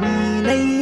Family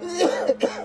Yeah.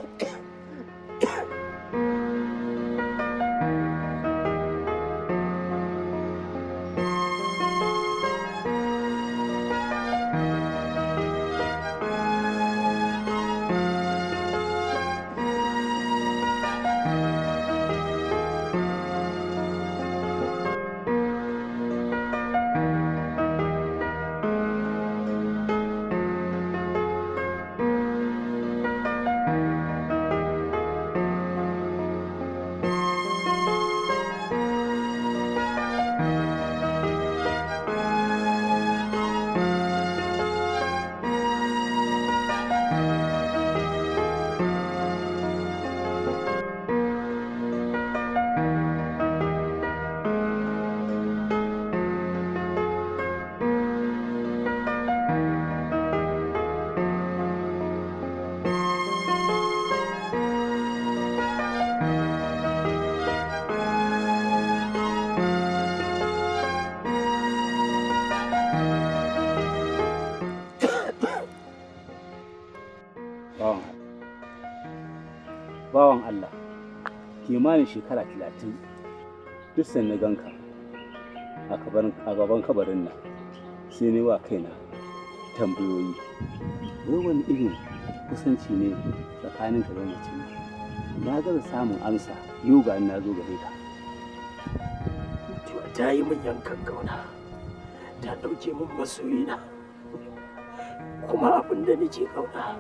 kimanin shekara talatin duk na ganka a gaban kabarin nan sai ne wa kaina tambayoyi wai wani irin kusanci ne tsakanin ka da mace na gaza samun amsa yoga na zo gare ka ta yi min yankan gauna ta ɗauke min masoyina kuma abin da nake ƙauna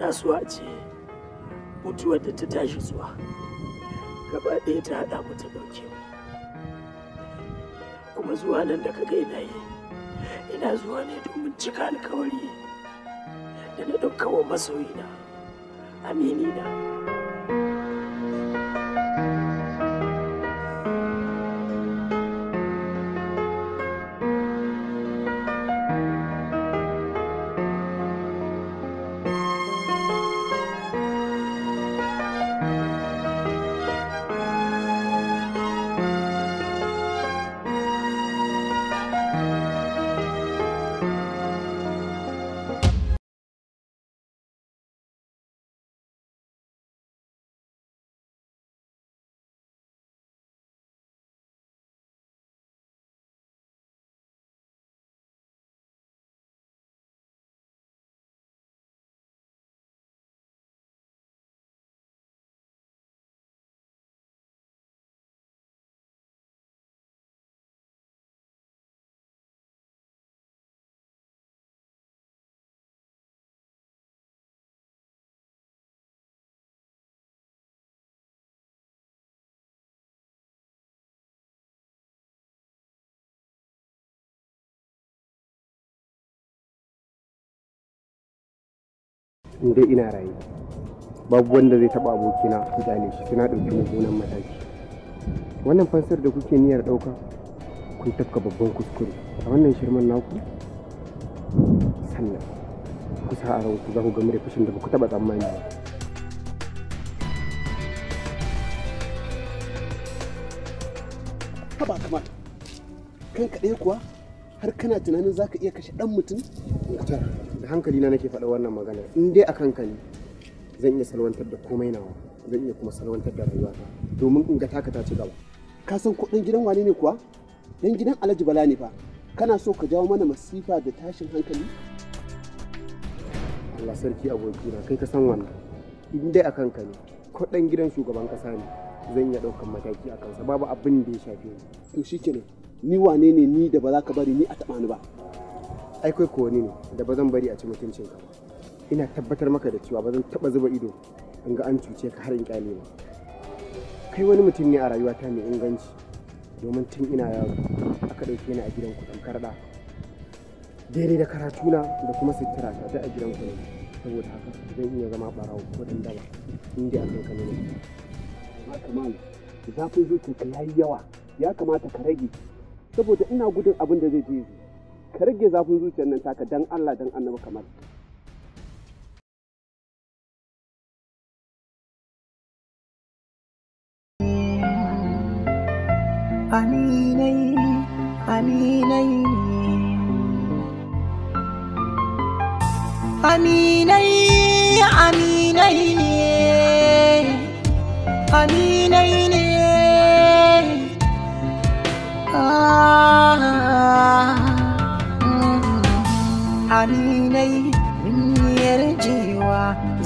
Ina so a ce mutuwar da ta tashi zuwa gaba ɗaya ta haɗa mu ta ɗauke mu kuma zuwa nan da kaga ina yi ina zuwa ne domin cika alkawari da na ɗaukawa masoyina aminina. in dai ina rayu, babu wanda zai taba abokina su gane shi suna ɗauki mummunan mataki wannan fansar da kuke niyyar ɗauka kun tafka babban kuskure a wannan shirman naku sannan kusa a ranku za ku game da fushin da ba ku taɓa tsammani ba haba kamar kan kaɗai kuwa har kana tunanin za ka iya kashe ɗan mutum? hankali na nake faɗa wannan magana in dai a ka zan iya salwantar da komai nawa zan iya kuma salwantar da rayuwata domin in ga taka ta ci gaba ka san kuɗin gidan wane ne kuwa dan gidan Alhaji Bala ne fa kana so ka jawo mana masifa da tashin hankali Allah sarki abokina kai ka san wannan in dai a ka ne kuɗin gidan shugaban kasa ne zan iya ɗaukan mataki a kansa babu abin da ya shafe ni to shikenan ni wane ne ni da ba za ka bari ni a taɓa ni ba ai kai ko ne da ba zan bari a ci mutuncin ka ba ina tabbatar maka da cewa ba zan taba zuba ido in ga an cuce ka har in kyale ba kai wani mutum ne a rayuwata mai inganci domin tun ina yaro aka ɗauke ni a gidan kuɗin karɗa daidai da karatuna da kuma sutura ta a gidan kuɗin saboda haka zan iya zama ɓarawo ko ɗan daba inda a kan Ba amma zafin zuciyarka ya yi yawa ya kamata ka rage saboda ina gudun abin da zai je ka rage zafin zuciyar nan taka dan Allah dan annabi kamar aminai aminai aminai aminai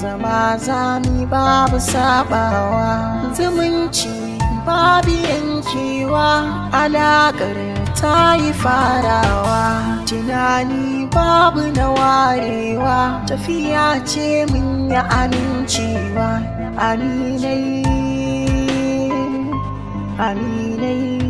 zama zami babu sabawa zumunci babu yankewa alaƙar ta yi farawa tunani babu na warewa tafiya ce mun yi amincewa aminai aminai